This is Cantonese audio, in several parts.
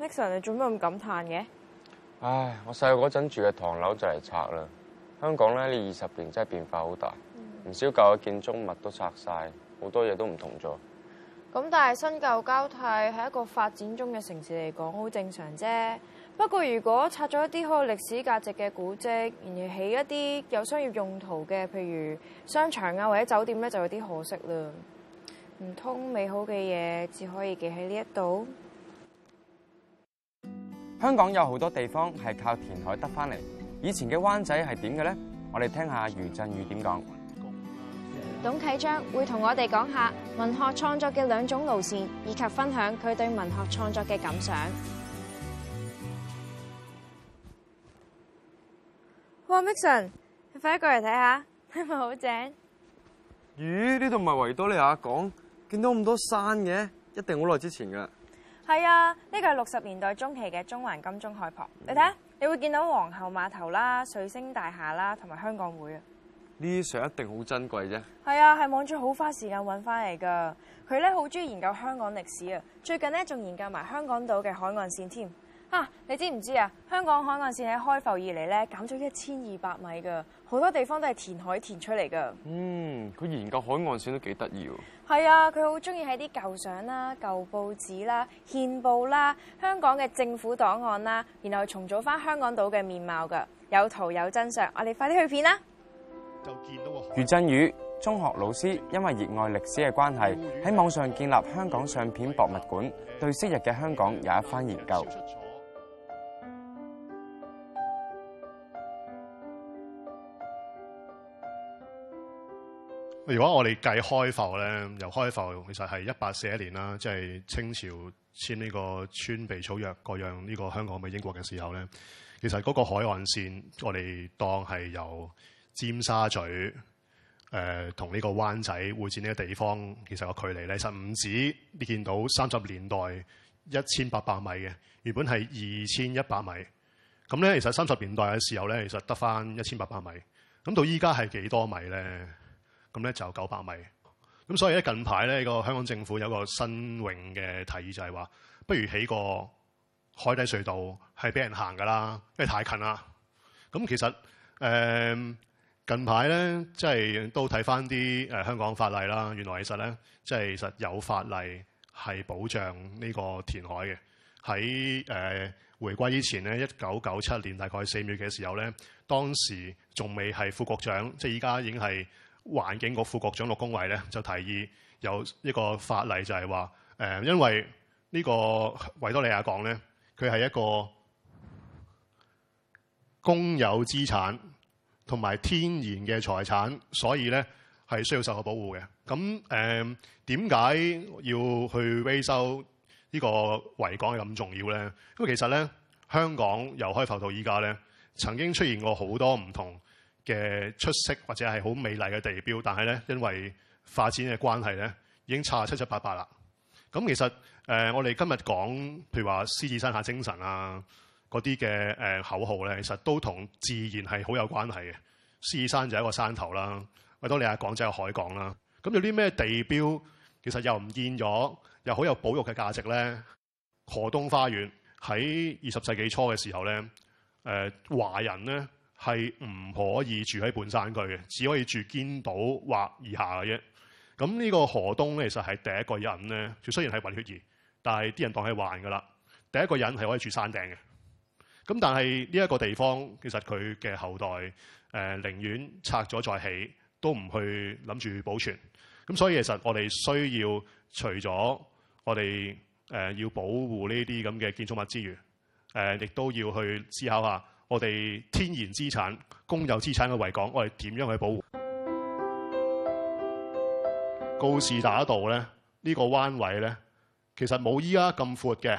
Nixon，你做咩咁感嘆嘅？唉，我細個嗰陣住嘅唐樓就嚟拆啦。香港咧呢二十年真係變化好大，唔、嗯、少舊嘅建築物都拆晒，好多嘢都唔同咗。咁但係新舊交替喺一個發展中嘅城市嚟講，好正常啫。不過如果拆咗一啲好有歷史價值嘅古跡，然後起一啲有商業用途嘅，譬如商場啊或者酒店咧，就有啲可惜啦。唔通美好嘅嘢只可以記喺呢一度？香港有好多地方係靠填海得翻嚟，以前嘅灣仔係點嘅咧？我哋聽下余震宇點講。董啟章會同我哋講下文學創作嘅兩種路線，以及分享佢對文學創作嘅感想哇。哇,哇 Mixon，你快啲過嚟睇下，係咪好正？咦，呢度唔係維多利亞港，見到咁多山嘅，一定好耐之前噶啦。係啊，呢個係六十年代中期嘅中環金鐘海旁，你睇下，你會見到皇后碼頭啦、水星大廈啦，同埋香港會啊。呢啲相一定好珍貴啫。係啊，係網住好花時間揾翻嚟噶。佢咧好中意研究香港歷史啊，最近咧仲研究埋香港島嘅海岸線添。啊！你知唔知啊？香港海岸線喺開埠以嚟呢，減咗一千二百米㗎。好多地方都係填海填出嚟㗎。嗯，佢研究海岸線都幾得意喎。係啊，佢好鍾意喺啲舊相啦、舊報紙啦、憲報啦、香港嘅政府檔案啦，然後重組返香港島嘅面貌㗎。有圖有真相，我哋快啲去片啦。就見到余震宇中學老師，因為熱愛歷史嘅關係，喺網上建立香港相片博物館，對昔日嘅香港有一番研究。如果我哋計開埠，咧，由開埠其實係一八四一年啦，即係清朝簽呢個《穿鼻草約》，割讓呢個香港俾英國嘅時候咧，其實嗰個海岸線我哋當係由尖沙咀誒、呃、同呢個灣仔會展呢個地方，其實個距離咧，實唔止你見到三十年代一千八百米嘅，原本係二千一百米。咁咧，其實三十年代嘅時候咧，其實得翻一千八百米。咁到依家係幾多米咧？咁咧就九百米咁，所以咧近排咧個香港政府有個新穎嘅提議就是，就係話不如起個海底隧道係俾人行噶啦，因為太近啦。咁其實誒、呃、近排咧，即係都睇翻啲誒香港法例啦。原來其實咧，即係其實有法例係保障呢個填海嘅喺誒回歸以前咧，一九九七年大概四月嘅時候咧，當時仲未係副局長，即係依家已經係。環境局副局長陸公偉咧就提議有一個法例就係，就係話誒，因為呢個維多利亞港咧，佢係一個公有資產同埋天然嘅財產，所以咧係需要受保護嘅。咁誒點解要去維修呢個維港係咁重要咧？因為其實咧香港由開埠到依家咧，曾經出現過好多唔同嘅出色或者係好美麗嘅地標，但係咧因為發展嘅關係咧，已經差七七八八啦。咁其實誒、呃,我哋今日講譬如話獅子山下精神啊，嗰啲嘅誒口號咧，其實都同自然係好有關係嘅。獅子山就係一個山頭啦，維多利亞港就係海港啦。咁有啲咩地標其實又唔見咗，又好有保育嘅價值咧？河東花園喺二十世紀初嘅時候咧，誒、呃、華人咧。係唔可以住喺半山區嘅，只可以住堅島或以下嘅啫。咁呢個何東咧，其實係第一個人咧。佢雖然係混血兒，但係啲人當係還噶啦。第一個人係可以住山頂嘅。咁但係呢一個地方，其實佢嘅後代誒、呃、寧願拆咗再起，都唔去諗住保存。咁所以其實我哋需要除咗我哋誒、呃、要保護呢啲咁嘅建築物之餘，誒、呃、亦都要去思考一下。我哋天然資產、公有資產嘅維港，我哋點樣去保護？告士打道咧，這個、呢個彎位咧，其實冇依家咁闊嘅。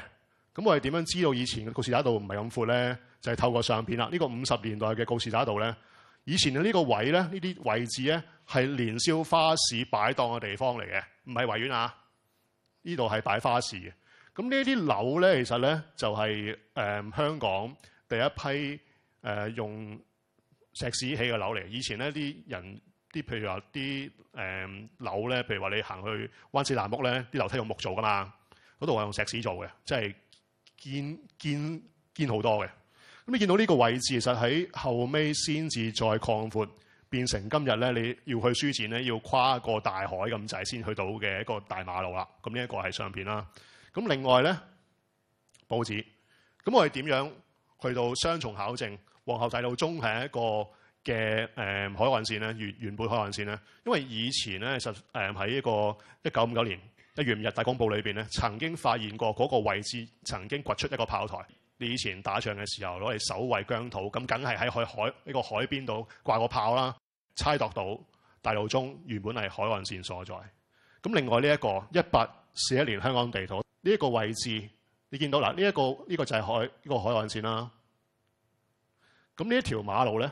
咁我哋點樣知道以前嘅告士打道唔係咁闊咧？就係、是、透過相片啦。呢、這個五十年代嘅告士打道咧，以前嘅呢個位咧，呢啲位置咧，係年宵花市擺檔嘅地方嚟嘅，唔係維園啊。呢度係擺花市嘅。咁呢啲樓咧，其實咧就係、是、誒、呃、香港。第一批誒、呃、用石屎起嘅樓嚟。以前咧啲人啲、呃，譬如話啲誒樓咧，譬如話你行去灣仔南屋咧，啲樓梯用木做噶嘛，嗰度係用石屎做嘅，即係堅堅堅好多嘅。咁你見到呢個位置，其實喺後尾先至再擴闊，變成今日咧你要去書展咧，要跨過大海咁滯先去到嘅一個大馬路啦。咁呢一個係上面啦。咁另外咧報紙，咁我係點樣？去到雙重考證，皇后大道中係一個嘅誒、呃、海岸線咧，原原本海岸線咧，因為以前咧實誒喺一個一九五九年一月五日大公報裏邊咧，曾經發現過嗰個位置曾經掘出一個炮台，你以前打仗嘅時候攞嚟守衞疆土，咁梗係喺海海呢、這個海邊度掛個炮啦，猜度到大道中原本係海岸線所在。咁另外呢、這、一個一八四一年香港地圖呢一、這個位置。你見到嗱，呢一個呢個就係海呢個海岸線啦。咁呢一條馬路咧，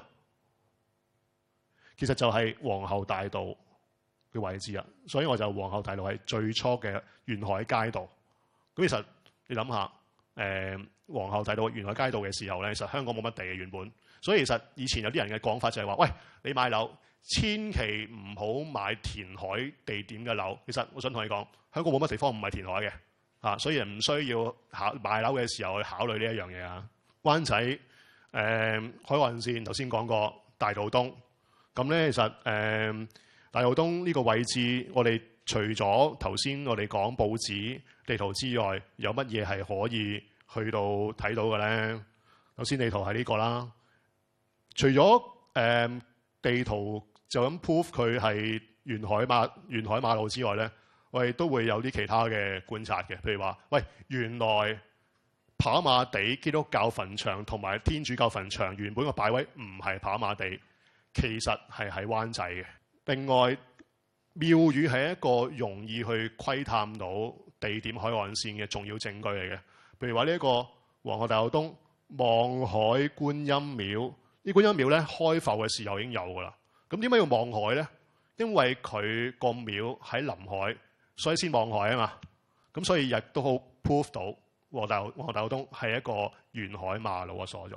其實就係皇后大道嘅位置啊。所以我就皇后大道係最初嘅沿海街道。咁其實你諗下，誒皇后大道沿海街道嘅時候咧，其實香港冇乜地嘅原本。所以其實以前有啲人嘅講法就係話：喂，你買樓千祈唔好買填海地點嘅樓。其實我想同你講，香港冇乜地方唔係填海嘅。啊，所以唔需要考買樓嘅時候去考慮呢一樣嘢啊！灣仔誒、呃、海運線頭先講過，大道東咁咧，其實誒、呃、大道東呢個位置，我哋除咗頭先我哋講報紙地圖之外，有乜嘢係可以去到睇到嘅咧？首先地圖係呢個啦，除咗誒、呃、地圖就咁 prove 佢係沿海馬沿海馬路之外咧。我哋都會有啲其他嘅觀察嘅，譬如話，喂，原來跑馬地基督教墳場同埋天主教墳場原本嘅擺位唔係跑馬地，其實係喺灣仔嘅。另外，廟宇係一個容易去窺探到地點海岸線嘅重要證據嚟嘅。譬如話呢一個皇后大道東望海觀音廟，呢觀音廟咧，開埠嘅時候已經有噶啦。咁點解要望海咧？因為佢個廟喺臨海。所以先望海啊嘛，咁所以亦都好 prove 到皇大皇大道東係一個沿海馬路嘅所在。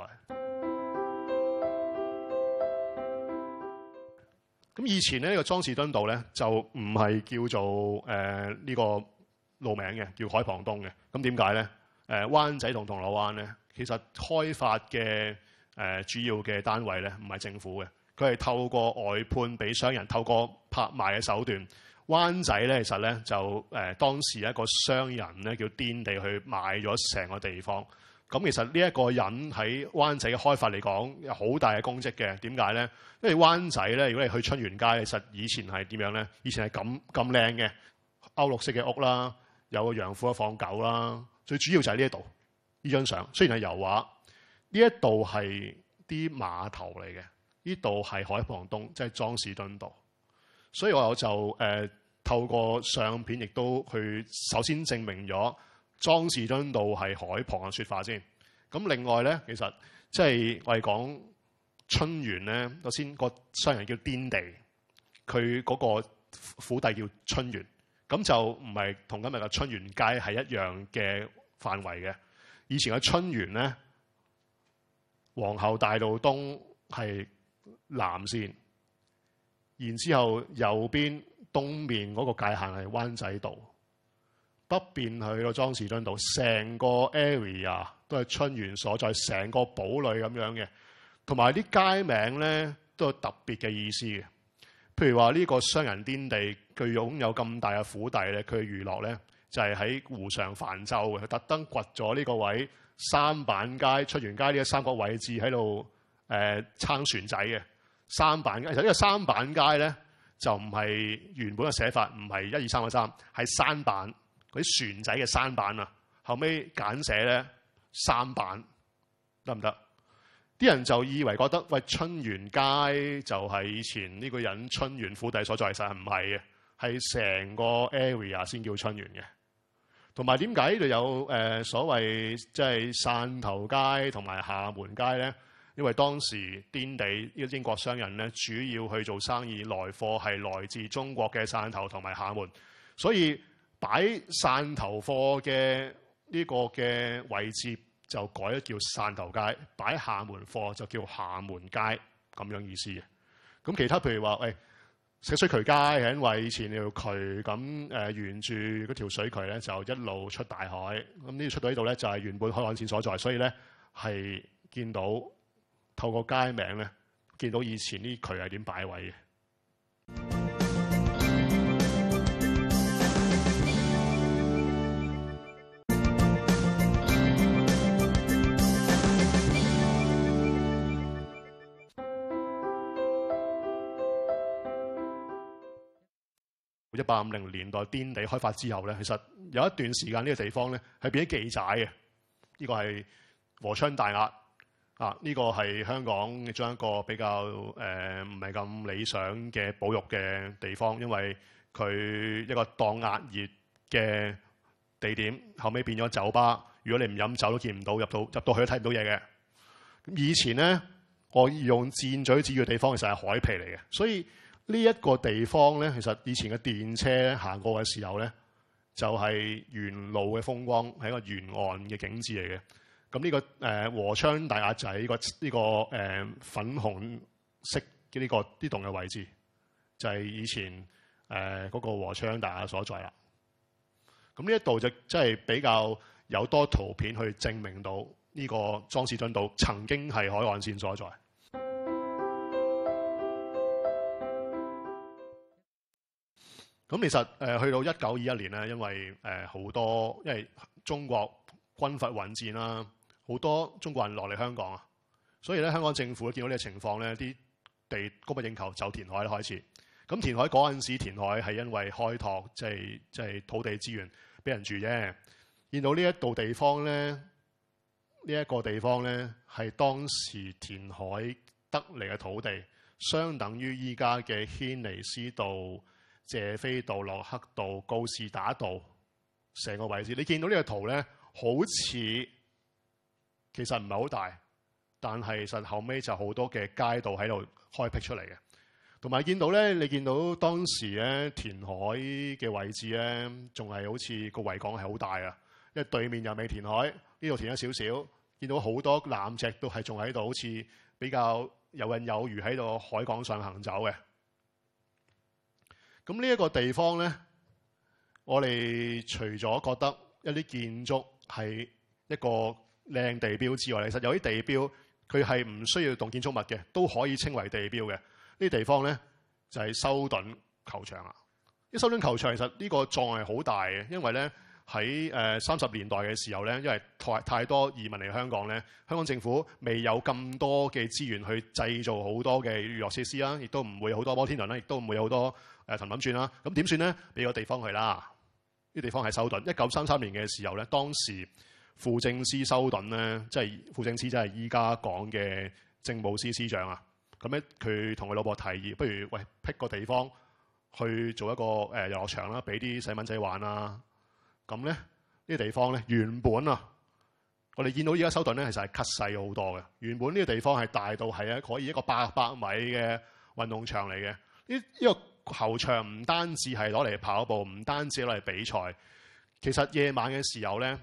咁以前呢、這個莊士敦道咧就唔係叫做誒呢、呃這個路名嘅，叫海傍東嘅。咁點解咧？誒、呃、灣仔同銅鑼灣咧，其實開發嘅誒、呃、主要嘅單位咧，唔係政府嘅，佢係透過外判俾商人，透過拍賣嘅手段。灣仔咧，其實咧就誒、呃、當時一個商人咧，叫癲地去買咗成個地方。咁其實呢一個人喺灣仔嘅開發嚟講，有好大嘅功績嘅。點解咧？因為灣仔咧，如果你去春園街，其實以前係點樣咧？以前係咁咁靚嘅歐陸式嘅屋啦，有個洋婦一放狗啦。最主要就係呢度呢張相，雖然係油畫，呢一度係啲碼頭嚟嘅，呢度係海傍東，即係莊士敦道。所以我就誒、呃、透過相片，亦都去首先證明咗莊士敦道係海傍嘅說法先。咁另外咧，其實即係我哋講春園咧，頭先個商人叫癲地，佢嗰個府邸叫春園，咁就唔係同今日嘅春園街係一樣嘅範圍嘅。以前嘅春園咧，皇后大道東係南線。然之後右邊，右邊東面嗰個界限係灣仔道，北邊去到莊士敦道，成個 area 都係春園所在，成個堡壘咁樣嘅。同埋啲街名咧都有特別嘅意思嘅，譬如話呢個商人顛地，佢擁有咁大嘅府邸，咧，佢嘅娛樂咧就係、是、喺湖上泛舟嘅，特登掘咗呢個位三板街、春園街呢啲三角位置喺度誒撐船仔嘅。三板街，其實呢個三板街咧就唔係原本嘅寫法，唔係一二三個三，係三板嗰啲船仔嘅三板啊。後尾簡寫咧三板得唔得？啲人就以為覺得喂春園街就喺以前呢個人春園府邸所在，其實唔係嘅，係成個 area 先叫春園嘅。同埋點解呢度有誒、呃、所謂即係汕頭街同埋廈門街咧？因為當時癲地，呢英國商人咧主要去做生意，來貨係來自中國嘅汕頭同埋廈門，所以擺汕頭貨嘅呢個嘅位置就改咗叫汕頭街，擺廈門貨就叫廈門街咁樣意思嘅。咁其他譬如話，誒、哎、石水渠街係因為以前條渠咁誒沿住嗰條水渠咧，就一路出大海。咁呢出到呢度咧，就係原本海岸線所在，所以咧係見到。透過街名咧，見到以前啲渠係點擺位嘅。一八五零年代顛地開發之後咧，其實有一段時間呢個地方咧係變咗地仔嘅。呢個係和昌大押。啊！呢、這個係香港將一個比較誒唔係咁理想嘅保育嘅地方，因為佢一個當壓熱嘅地點，後尾變咗酒吧。如果你唔飲酒都見唔到，入到入到，入到去都睇唔到嘢嘅。以前呢，我用箭嘴指嘅地方其實係海皮嚟嘅，所以呢一個地方呢，其實以前嘅電車行過嘅時候呢，就係、是、沿路嘅風光係一個沿岸嘅景緻嚟嘅。咁呢個誒和昌大押就係呢個誒粉紅色嘅呢個呢棟嘅位置，就係以前誒嗰個和昌大押所在啦。咁呢一度就真係比較有多圖片去證明到呢個莊士敦道曾經係海岸線所在。咁其實誒去到一九二一年咧，因為誒好多因為中國軍閥混戰啦。好多中國人落嚟香港啊，所以咧香港政府見到呢個情況咧，啲地供不應求就填海開始。咁填海嗰陣時填海係因為開拓，即係即係土地資源俾人住啫。見到呢一度地方咧，呢一個地方咧係、這個、當時填海得嚟嘅土地，相等於依家嘅軒尼詩道、謝斐道、洛克道、告士打道成個位置。你見到呢個圖咧，好似～其實唔係好大，但係其實後尾就好多嘅街道喺度開闢出嚟嘅，同埋見到咧，你見到當時咧填海嘅位置咧，仲係好似個維港係好大啊，因為對面又未填海，呢度填咗少少，見到好多艦隻都係仲喺度，好似比較遊刃有餘喺度海港上行走嘅。咁呢一個地方咧，我哋除咗覺得一啲建築係一個靚地標之外，其實有啲地標佢係唔需要動建築物嘅，都可以稱為地標嘅。呢啲地方呢，就係修頓球場啦。呢修頓球場其實呢個作用係好大嘅，因為呢，喺誒三十年代嘅時候呢，因為太太多移民嚟香港呢，香港政府未有咁多嘅資源去製造好多嘅娛樂設施啦，亦都唔會好多摩天輪啦，亦都唔會好多誒氹氹轉啦。咁點算呢？俾個地方佢啦。呢地方係修頓。一九三三年嘅時候呢，當時，副政司修頓咧，即係輔政司，即係依家講嘅政務司司長啊。咁咧，佢同佢老婆提議，不如喂劈個地方去做一個誒、呃、遊樂場啦，俾啲細蚊仔玩啦、啊。咁咧，呢、呢個地方咧原本啊，我哋見到依家修頓咧，其實係縮細咗好多嘅。原本呢個地方係大到係啊，可以一個八百米嘅運動場嚟嘅。呢、呢、呢個球場唔單止係攞嚟跑步，唔單止攞嚟比賽。其實夜晚嘅時候咧，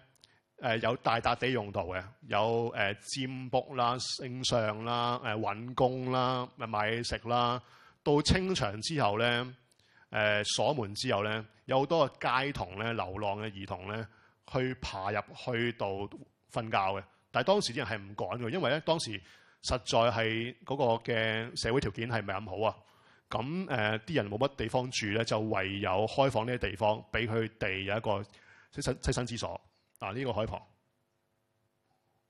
誒有大笪地用途嘅，有誒佔卜啦、星相啦、誒揾工啦、咪買食啦。到清場之後咧，誒鎖門之後咧，有好多嘅街童咧、流浪嘅兒童咧，去爬入去度瞓覺嘅。但係當時啲人係唔趕嘅，因為咧當時實在係個嘅社會條件係唔係咁好啊？咁誒啲人冇乜地方住咧，就唯有開放呢啲地方俾佢哋有一個棲身棲身之所。嗱呢、啊呢個海旁，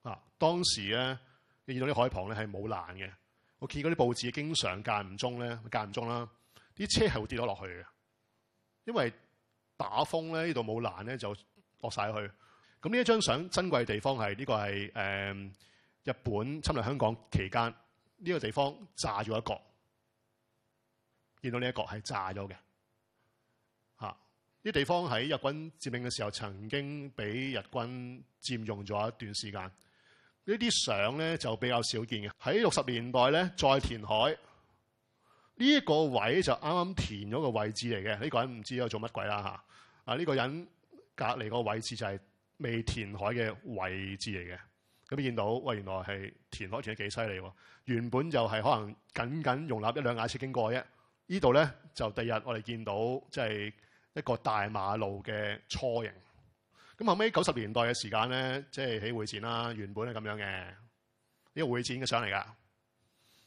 嗱、啊、當時咧，你見到啲海旁咧係冇欄嘅。我見嗰啲報紙經常間唔中咧，間唔中啦，啲車係會跌咗落去嘅。因為打風咧，這裡沒有呢度冇欄咧就落晒去。咁呢一張相珍貴嘅地方係呢、呢個係誒、呃、日本侵略香港期間呢、呢個地方炸咗一角，見到呢一角係炸咗嘅。呢啲地方喺日軍佔領嘅時候曾經俾日軍佔用咗一段時間。呢啲相咧就比較少見嘅。喺六十年代咧再填海，呢個位就啱啱填咗個位置嚟嘅。呢個人唔知喺度做乜鬼啦嚇。啊呢個人隔離個位置就係、這個這個、未填海嘅位置嚟嘅。咁見到喂，原來係填海填得幾犀利喎！原本就係可能僅僅容納一兩架車經過啫。這裏呢度咧就第日我哋見到即係。就是一個大馬路嘅雛形，咁後尾九十年代嘅時間咧，即係起會展啦。原本係咁樣嘅，呢、這個會展嘅相嚟㗎。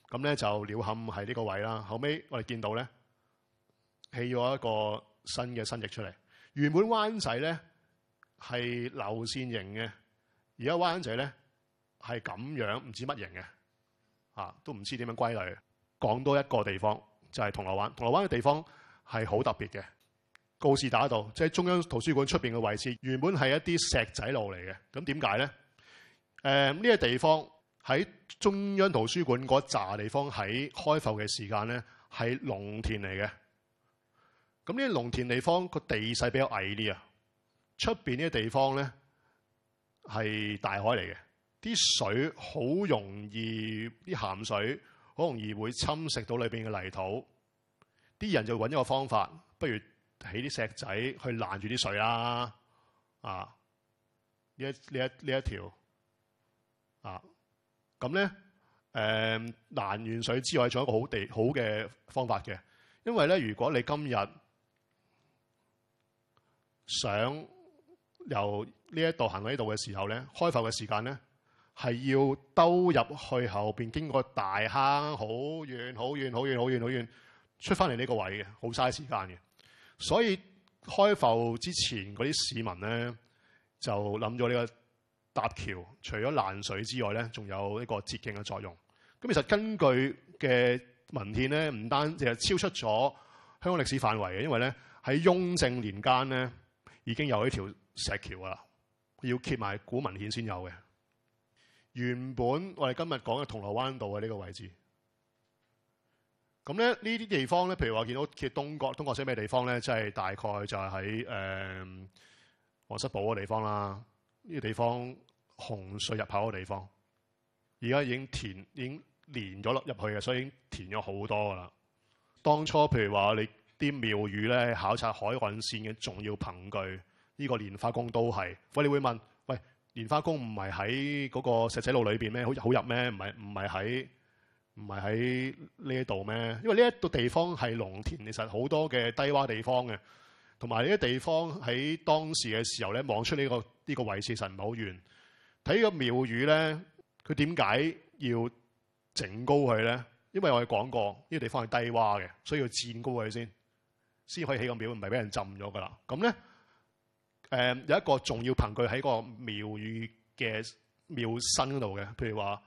咁咧就鳥瞰係呢個位啦。後尾我哋見到咧，起咗一個新嘅新翼出嚟。原本灣仔咧係流線型嘅，而家灣仔咧係咁樣，唔知乜型嘅，都唔知點樣歸類。講多一個地方就係銅鑼灣，銅鑼灣嘅地方係好特別嘅。告士打道，即係中央圖書館出邊嘅位置，原本係一啲石仔路嚟嘅。咁點解咧？誒呢個地方喺中央圖書館嗰笪地方喺開埠嘅時間咧係農田嚟嘅。咁呢啲農田地方個地勢比較矮啲啊。出邊呢啲地方咧係大海嚟嘅，啲水好容易，啲鹹水好容易會侵蝕到裏邊嘅泥土。啲人就揾一個方法，不如。起啲石仔去攔住啲水啦、啊，啊！呢一呢一呢一條，啊！咁咧，誒、嗯、攔完水之外，仲有一個好地好嘅方法嘅，因為咧，如果你今日想由呢一度行到呢度嘅時候咧，開埠嘅時間咧，係要兜入去後邊經過大坑，好遠好遠好遠好遠好遠，遠，出翻嚟呢個位嘅，好嘥時間嘅。所以開埠之前啲市民咧，就諗咗呢個搭橋，除咗攔水之外咧，仲有一個捷徑嘅作用。咁其實根據嘅文獻咧，唔單止係超出咗香港歷史範圍嘅，因為咧喺雍正年間咧已經有呢條石橋，喇，要揭埋古文獻先有嘅。原本我哋今日講嘅銅鑼灣道嘅呢個位置。咁咧呢啲地方咧，譬如話見到嘅東角，東角係咩地方咧？即係大概就係喺誒黃室堡嘅地方啦。呢個地方洪水入口嘅地方，而家已經填，已經連咗落入去嘅，所以已經填咗好多噶啦。當初譬如話你啲廟宇咧，考察海岸線嘅重要憑據，呢個蓮花宮都係。喂，你會問：喂，蓮花宮唔係喺嗰個石仔路裏面咩？好入咩？唔係唔係喺？唔係喺呢一度咩？因為呢一度地方係農田，其實好多嘅低洼地方嘅，同埋呢啲地方喺當時嘅時候咧，望出、這個這個、這個呢個呢個位置實唔係好遠。睇個廟宇咧，佢點解要整高佢咧？因為我哋講過呢、這個地方係低洼嘅，所以要墊高佢先，先可以起個廟，唔係俾人浸咗噶啦。咁咧，誒、嗯、有一個重要憑據喺個廟宇嘅廟身度嘅，譬如話誒。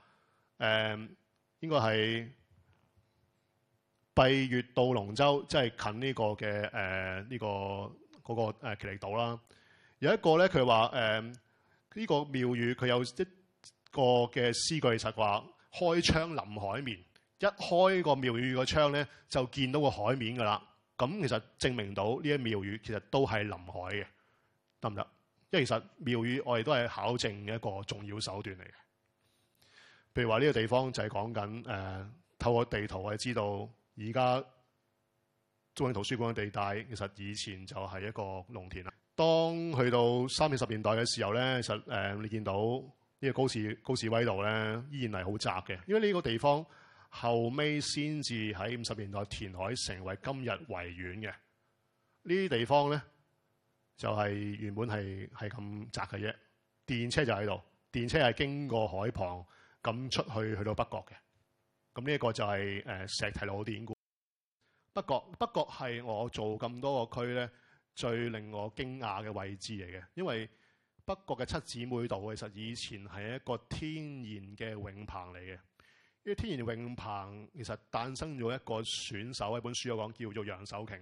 嗯應該係閉月渡龍舟，即係近呢個嘅誒呢個嗰個誒奇力島啦。有一個咧，佢話誒呢個廟宇佢有一個嘅詩句實話，開窗臨海面。一開個廟宇個窗咧，就見到個海面噶啦。咁其實證明到呢啲廟宇其實都係臨海嘅，得唔得？即係其實廟宇我哋都係考證嘅一個重要手段嚟嘅。譬如話呢個地方就係講緊誒，透過地圖我哋知道而家中央圖書館嘅地帶其實以前就係一個農田啦。當去到三、四十年代嘅時候咧，其實誒、呃、你見到呢個高士高士威道咧，依然係好窄嘅，因為呢個地方後尾先至喺五十年代填海成為今日維園嘅呢啲地方咧，就係、是、原本係係咁窄嘅啫。電車就喺度，電車係經過海旁。咁出去去到北角嘅，咁呢一個就係、是、誒、呃、石提老典故。北角北角，係我做咁多個區咧，最令我驚訝嘅位置嚟嘅，因為北角嘅七姊妹道其實以前係一個天然嘅泳棚嚟嘅。呢個天然泳棚其實誕生咗一個選手，一本書有講叫做楊守瓊。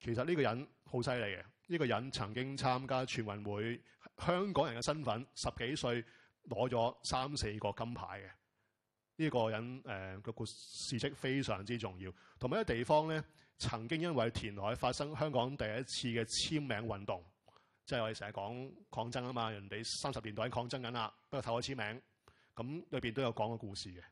其實呢個人好犀利嘅，呢、這個人曾經參加全運會，香港人嘅身份，十幾歲。攞咗三四個金牌嘅呢、這個人，誒、呃、個故事蹟非常之重要。同埋一個地方咧，曾經因為填海發生香港第一次嘅簽名運動，即、就、係、是、我哋成日講抗爭啊嘛。人哋三十年代抗爭緊啦，不過透過簽名，咁裏邊都有講個故事嘅。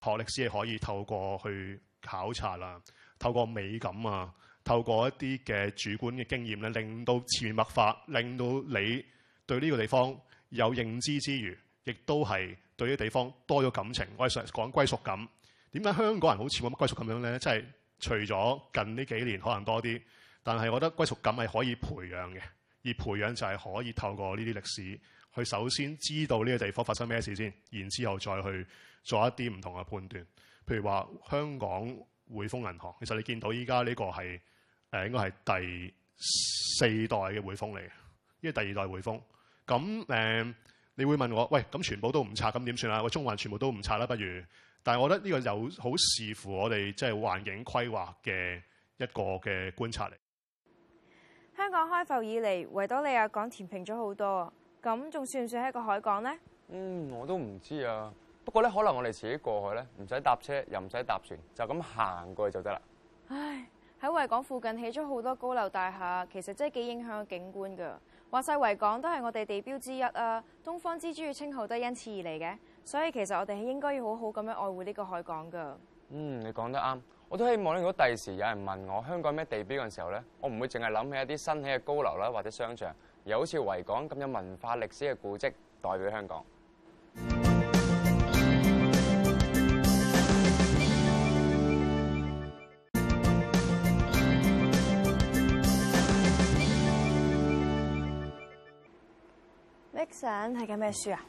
學歷史係可以透過去考察啦。透過美感啊，透過一啲嘅主觀嘅經驗咧，令到潛默化，令到你對呢個地方有認知之餘，亦都係對呢個地方多咗感情。我係想講歸屬感，點解香港人好似冇乜歸屬感咧？即係除咗近呢幾年可能多啲，但係我覺得歸屬感係可以培養嘅。而培養就係可以透過呢啲歷史，佢首先知道呢個地方發生咩事先，然之後再去做一啲唔同嘅判斷。譬如話香港。匯豐銀行，其實你見到依家呢個係誒、呃、應該係第四代嘅匯豐嚟嘅，呢個係第二代匯豐。咁誒、呃，你會問我，喂，咁全部都唔拆，咁點算啊？我中環全部都唔拆啦，不如？但係我覺得呢個有好視乎我哋即係環境規劃嘅一個嘅觀察嚟。香港開埠以嚟，維多利亞港填平咗好多啊，咁仲算唔算係一個海港咧？嗯，我都唔知啊。不過咧，可能我哋自己過去呢，咧，唔使搭車，又唔使搭船，就咁行過去就得啦。唉，喺維港附近起咗好多高樓大廈，其實真係幾影響景觀噶。話晒維港都係我哋地標之一啊，東方之珠嘅稱號都係因此而嚟嘅。所以其實我哋係應該要好好咁樣愛護呢個海港噶。嗯，你講得啱，我都希望咧，如果第時有人問我香港咩地標嘅時候咧，我唔會淨係諗起一啲新起嘅高樓啦，或者商場，又好似維港咁有文化歷史嘅古蹟代表香港。想睇緊咩書啊？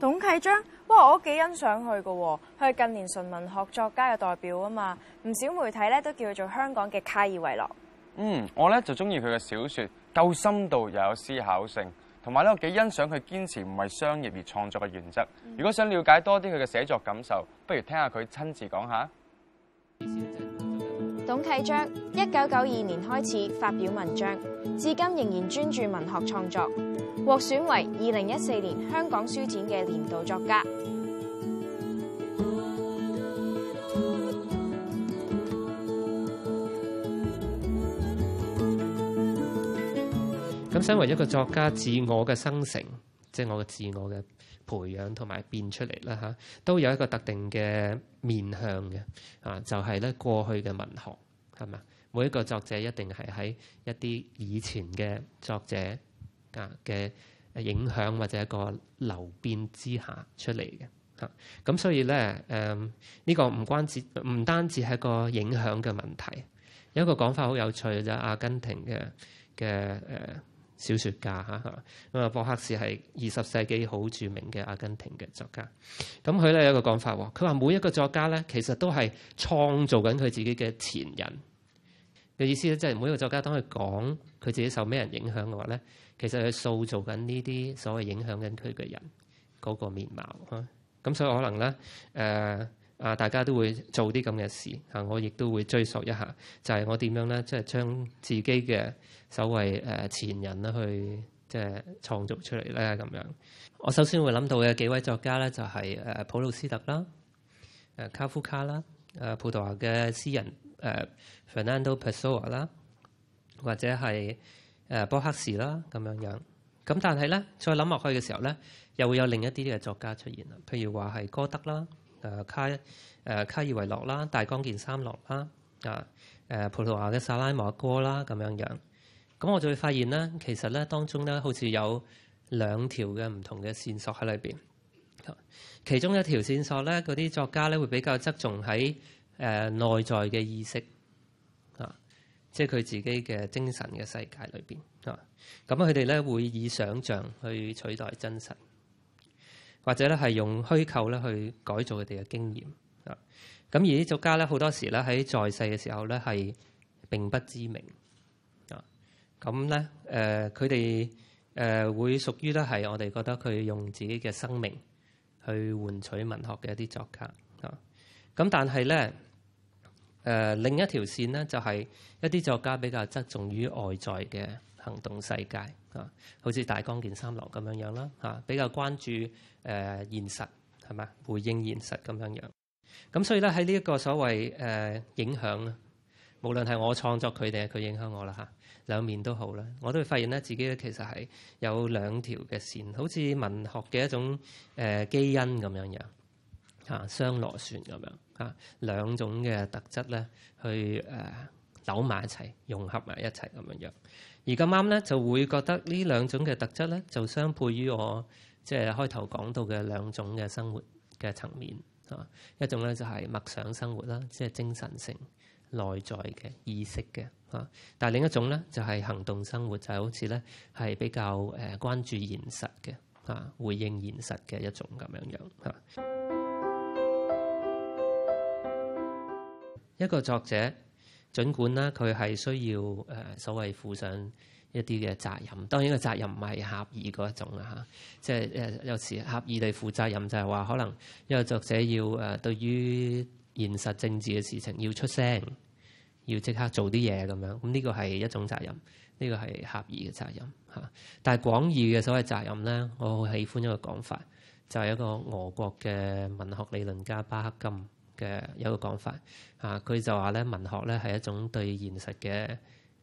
董啟章，哇，我都幾欣賞佢噶，佢係近年純文學作家嘅代表啊嘛，唔少媒體咧都叫佢做香港嘅卡爾維諾。嗯，我咧就中意佢嘅小說，夠深度又有思考性，同埋咧我幾欣賞佢堅持唔係商業而創作嘅原則。嗯、如果想了解多啲佢嘅寫作感受，不如聽下佢親自講下。嗯董啟章，一九九二年開始發表文章，至今仍然專注文學創作，獲選為二零一四年香港書展嘅年度作家。咁身為一個作家，自我嘅生成，即係我嘅自我嘅培養同埋變出嚟啦，吓，都有一個特定嘅面向嘅，啊，就係、是、咧過去嘅文學。係咪每一個作者一定係喺一啲以前嘅作者啊嘅影響，或者一個流變之下出嚟嘅嚇？咁所以咧誒，呢、嗯呢個唔關節唔單止係一個影響嘅問題。有一個講法好有趣就係、阿根廷嘅嘅誒。小說家嚇，咁啊博克士係二十世紀好著名嘅阿根廷嘅作家。咁佢咧有一個講法佢話每一個作家咧其實都係創造緊佢自己嘅前人嘅意思咧，即係每一個作家當佢講佢自己受咩人影響嘅話咧，其實係塑造緊呢啲所謂影響緊佢嘅人嗰個面貌。咁所以可能咧誒。呃啊！大家都會做啲咁嘅事嚇，我亦都會追溯一下，就係、是、我點樣咧，即係將自己嘅所謂誒前人咧去即係創造出嚟咧咁樣。我首先會諗到嘅幾位作家咧，就係誒普魯斯特啦、誒卡夫卡啦、誒葡萄牙嘅詩人誒 Fernando Pessoa 啦，或者係誒波克士啦咁樣樣。咁但係咧，再諗落去嘅時候咧，又會有另一啲嘅作家出現啦，譬如話係歌德啦。誒、呃、卡誒、呃、卡爾維諾啦、大江健三郎啦、啊誒、呃、葡萄牙嘅薩拉馬哥啦咁樣樣，咁我就會發現咧，其實咧當中咧好似有兩條嘅唔同嘅線索喺裏邊。其中一條線索咧，嗰啲作家咧會比較側重喺誒內在嘅、呃、意識啊，即係佢自己嘅精神嘅世界裏邊啊。咁佢哋咧會以想像去取代真實。或者咧係用虛構咧去改造佢哋嘅經驗啊，咁而啲作家咧好多時咧喺在，在世嘅時候咧係並不知名啊，咁咧誒佢哋誒會屬於咧係我哋覺得佢用自己嘅生命去換取文學嘅一啲作家啊，咁但係咧誒另一條線咧就係一啲作家比較側重於外在嘅行動世界。啊，好似大江健三郎咁樣樣啦，嚇比較關注誒、呃、現實係咪？回應現實咁樣樣，咁所以咧喺呢一個所謂誒、呃、影響啦，無論係我創作佢哋，係佢影響我啦嚇、啊，兩面都好啦，我都會發現咧自己咧其實係有兩條嘅線，好似文學嘅一種誒、呃、基因咁樣樣嚇、啊，雙螺旋咁樣嚇、啊、兩種嘅特質咧去誒、呃、扭埋一齊，融合埋一齊咁樣樣。而咁啱咧，就會覺得這兩呢兩種嘅特質咧，就相配於我即係開頭講到嘅兩種嘅生活嘅層面嚇，一種咧就係默想生活啦，即、就、係、是、精神性、內在嘅意識嘅嚇，但係另一種咧就係行動生活，就係好似咧係比較誒關注現實嘅嚇，回應現實嘅一種咁樣樣嚇一個作者。儘管啦，佢係需要誒所謂負上一啲嘅責任，當然個責任唔係狹義嗰一種啦嚇，即係誒有時狹義地負責任就係話可能一個作者要誒對於現實政治嘅事情要出聲，要即刻做啲嘢咁樣，咁呢個係一種責任，呢個係狹義嘅責任嚇。但係廣義嘅所謂責任咧，我好喜歡一個講法，就係一個俄國嘅文學理論家巴赫金。嘅有個講法嚇，佢就話咧，文學咧係一種對現實嘅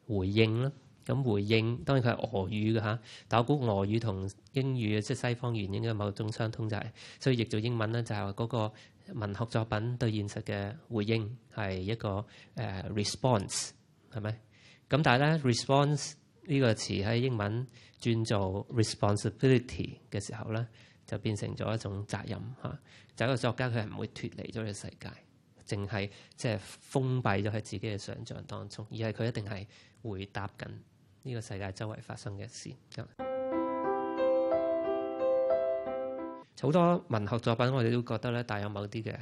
回應咯。咁回應當然佢係俄語嘅嚇，但我估俄語同英語，即係西方語言嘅某種相通就係。所以譯做英文咧，就係話嗰個文學作品對現實嘅回應係一個誒 response，係咪？咁但係咧，response 呢個詞喺英文轉做 responsibility 嘅時候咧。就變成咗一種責任吓，就一個作家，佢係唔會脫離咗個世界，淨係即係封閉咗喺自己嘅想像當中，而係佢一定係回答緊呢個世界周圍發生嘅事。嗯、好多文學作品，我哋都覺得咧帶有某啲嘅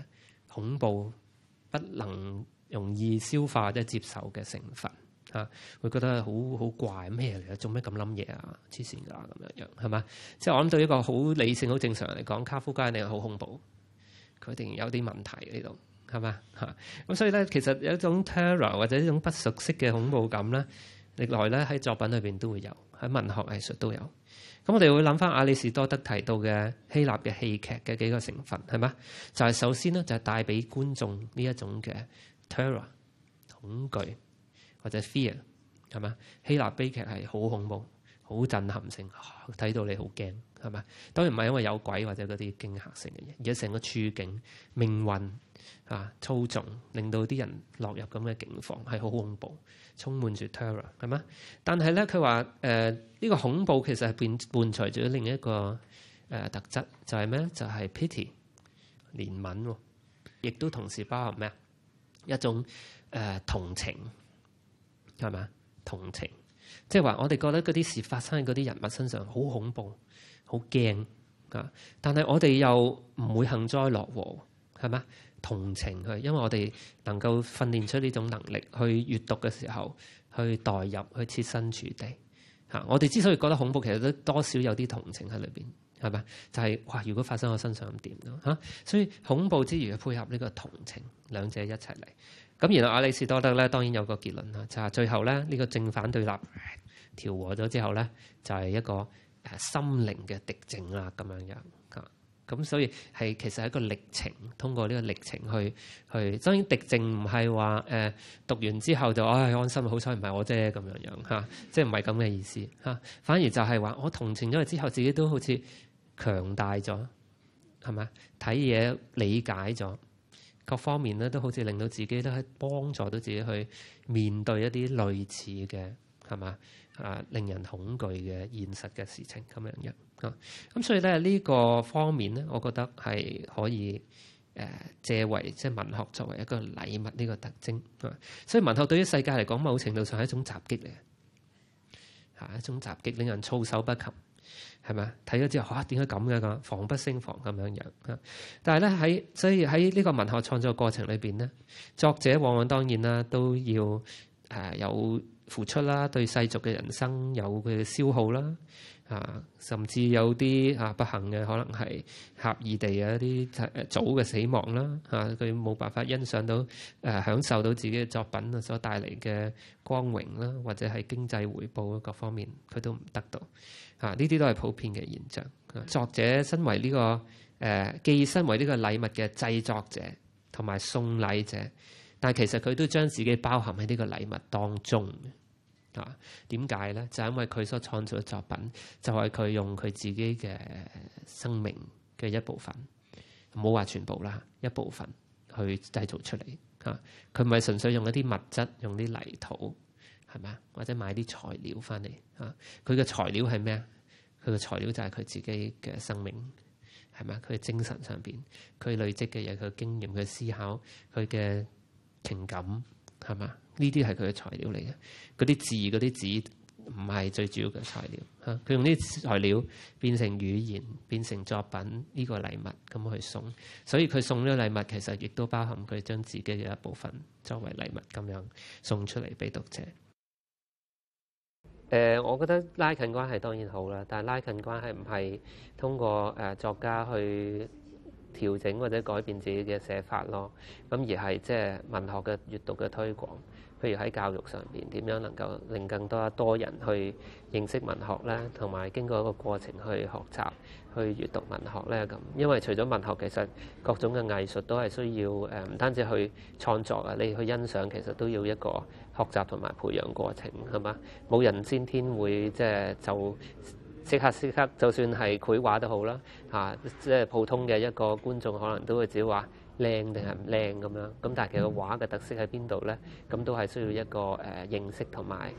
恐怖，不能容易消化或者接受嘅成分。嚇、啊！會覺得好好怪，咩嚟嘅？做咩咁諗嘢啊？黐線㗎咁樣樣，係嘛？即係我諗對一個好理性、好正常人嚟講，卡夫加你好恐怖，佢一定有啲問題呢度，係嘛？嚇！咁、啊、所以咧，其實有一種 terror，或者一種不熟悉嘅恐怖感咧，歷來咧喺作品裏邊都會有，喺文學藝術都有。咁我哋會諗翻阿里士多德提到嘅希臘嘅戲劇嘅幾個成分，係嘛？就係、是、首先呢，就係、是、帶俾觀眾呢一種嘅 terror，恐懼。或者 fear 係嘛？希臘悲劇係好恐怖、好震撼性，睇、哦、到你好驚，係嘛？當然唔係因為有鬼或者嗰啲驚嚇性嘅嘢，而係成個處境、命運啊、操縱，令到啲人落入咁嘅境況，係好恐怖，充滿住 terror 係嘛？但係咧，佢話誒呢個恐怖其實係伴伴隨住另一個誒、呃、特質就係咩咧？就係 pity，憐憫，亦、就是哦、都同時包含咩？一種誒、呃、同情。係咪同情，即係話我哋覺得嗰啲事發生喺嗰啲人物身上好恐怖、好驚啊！但係我哋又唔會幸災樂禍，係咪同情佢，因為我哋能夠訓練出呢種能力去閱讀嘅時候，去代入、去設身處地吓。我哋之所以覺得恐怖，其實都多少有啲同情喺裏邊，係咪？就係、是、哇！如果發生我身上點啊？所以恐怖之餘配合呢個同情，兩者一齊嚟。咁原來亞里士多德咧，當然有個結論啦，就係、是、最後咧，呢、這個正反對立調、哎、和咗之後咧，就係、是、一個誒、呃、心靈嘅滌淨啦咁樣樣。咁咁所以係其實係一個歷程，通過呢個歷程去去。當然滌淨唔係話誒讀完之後就唉、哎、安心，好彩唔係我啫咁樣樣嚇，即係唔係咁嘅意思嚇，反而就係話我同情咗佢之後，自己都好似強大咗，係咪睇嘢理解咗。各方面咧都好似令到自己都係幫助到自己去面對一啲類似嘅，係嘛，啊令人恐懼嘅現實嘅事情咁樣樣啊。咁所以咧呢、這個方面咧，我覺得係可以誒、呃、借為即係、就是、文學作為一個禮物呢個特徵啊。所以文學對於世界嚟講，某程度上係一種襲擊嚟嘅，係、啊、一種襲擊，令人措手不及。係咪啊？睇咗之後，嚇，點解咁嘅，咁防不勝防咁樣樣啊？但係咧喺所以喺呢個文學創作過程裏邊咧，作者往往當然啦都要。誒有付出啦，對世俗嘅人生有佢嘅消耗啦，啊，甚至有啲啊不幸嘅可能係狹義地有一啲早嘅死亡啦，嚇佢冇辦法欣賞到誒、呃、享受到自己嘅作品啊所帶嚟嘅光榮啦，或者係經濟回報各方面佢都唔得到，嚇呢啲都係普遍嘅現象，啊。作者身為呢、這個誒、呃、既身為呢個禮物嘅製作者同埋送禮者。但係其實佢都將自己包含喺呢個禮物當中嘅，嚇點解咧？就係因為佢所創造嘅作品，就係、是、佢用佢自己嘅生命嘅一部分，唔好話全部啦，一部分去製造出嚟嚇。佢唔係純粹用一啲物質，用啲泥土係咪啊？或者買啲材料翻嚟嚇？佢、啊、嘅材料係咩啊？佢嘅材料就係佢自己嘅生命係咪啊？佢嘅精神上邊佢累積嘅嘢，佢嘅經驗佢思考佢嘅，情感係嘛？呢啲係佢嘅材料嚟嘅，嗰啲字嗰啲紙唔係最主要嘅材料。嚇、啊，佢用呢啲材料變成語言，變成作品呢、呢個禮物咁去送。所以佢送呢個禮物，其實亦都包含佢將自己嘅一部分作為禮物咁樣送出嚟俾讀者。誒、呃，我覺得拉近關係當然好啦，但係拉近關係唔係通過誒、呃、作家去。調整或者改變自己嘅寫法咯，咁而係即係文學嘅閱讀嘅推廣，譬如喺教育上邊點樣能夠令更多多人去認識文學咧，同埋經過一個過程去學習去閱讀文學咧咁。因為除咗文學，其實各種嘅藝術都係需要誒，唔單止去創作啊，你去欣賞其實都要一個學習同埋培養過程，係嘛？冇人先天會即係就。即刻即刻，就算係繪畫都好啦嚇，即係普通嘅一個觀眾，可能都會只會話靚定係唔靚咁樣。咁但係其實畫嘅特色喺邊度咧？咁都係需要一個誒認識同埋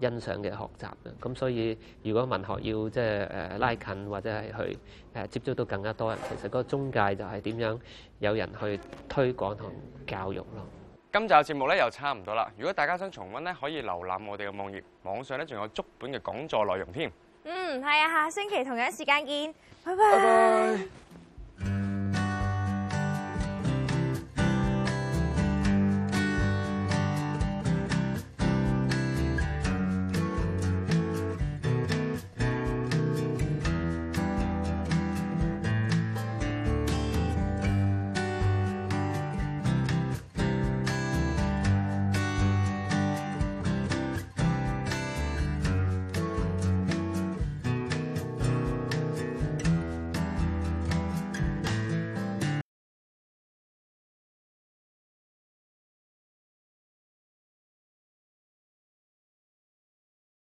誒欣賞嘅學習嘅。咁所以如果文學要即係誒拉近，或者係去誒接觸到更加多人，其實個中介就係點樣有人去推廣同教育咯。今集嘅節目咧又差唔多啦。如果大家想重溫咧，可以瀏覽我哋嘅網頁，網上咧仲有足本嘅講座內容添。嗯，係啊，下星期同樣時間見，拜拜。拜拜。